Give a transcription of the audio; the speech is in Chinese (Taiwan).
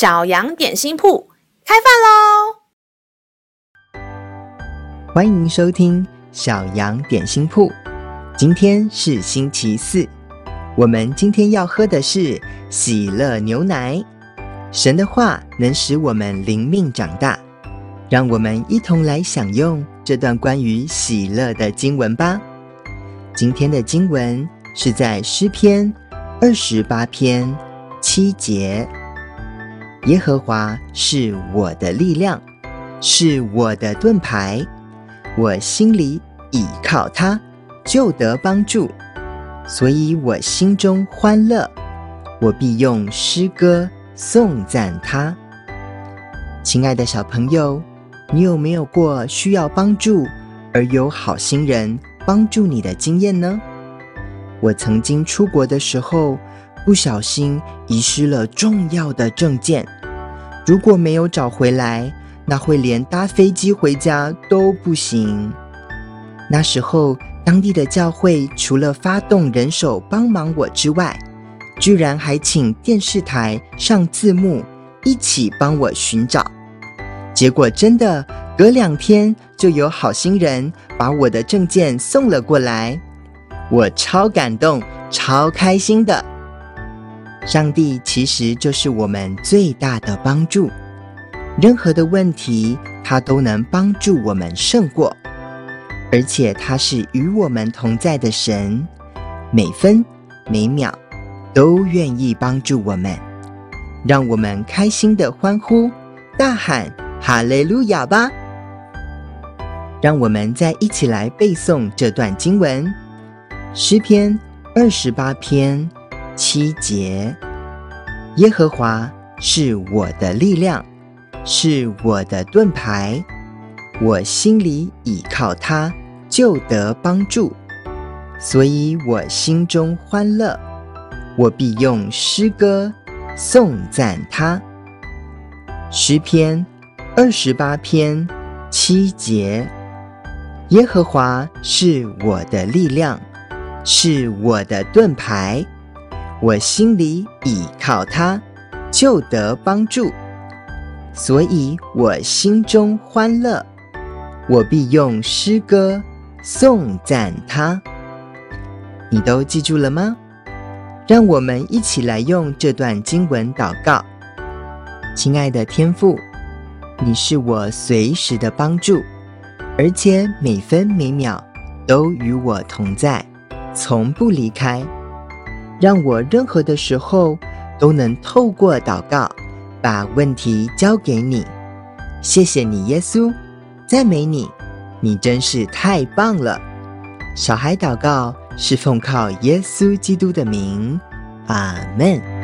小羊點心鋪開飯嘍！歡迎收聽小羊點心鋪。今天是星期四，我們今天要喝的是喜樂牛奶。神的話能使我們靈命長大，讓我們一同來享用這段關於喜樂的經文吧。今天的經文是在詩篇二十八篇七節。耶和華是我的力量，是我的盾牌，我心裡倚靠他，就得幫助。所以我心中歡樂，我必用詩歌頌讚他。親愛的小朋友，你有沒有過需要幫助而有好心人幫助你的經驗呢？我曾經出國的時候，不小心遺失了重要的證件，如果沒有找回來，那會連搭飛機回家都不行。那時候，當地的教會除了發動人手幫忙我之外，居然還請電視台上字幕一起幫我尋找。結果真的隔兩天就有好心人把我的證件送了過來，我超感動、超開心的。上帝其實就是我們最大的幫助，任何的問題他都能幫助我們勝過，而且他是與我們同在的神，每分每秒都願意幫助我們，讓我們開心的歡呼大喊哈利路亞吧！讓我們再一起來背誦這段經文，《詩篇》二十八篇。七節，耶和華是我的力量，是我的盾牌，我心裡倚靠他，就得幫助。所以我心中歡樂，我必用詩歌頌讚他。詩篇二十八篇七節，耶和華是我的力量，是我的盾牌。我心裡倚靠他，就得幫助，所以我心中歡樂，我必用詩歌頌讚他。你都記住了嗎？讓我們一起來用這段經文禱告。親愛的天父，你是我隨時的幫助，而且每分每秒都與我同在，從不離開。讓我任何的時候都能透過禱告把問題交給你。謝謝你，耶穌，讚美你，你真是太棒了。小孩禱告是奉靠耶穌基督的名，阿門。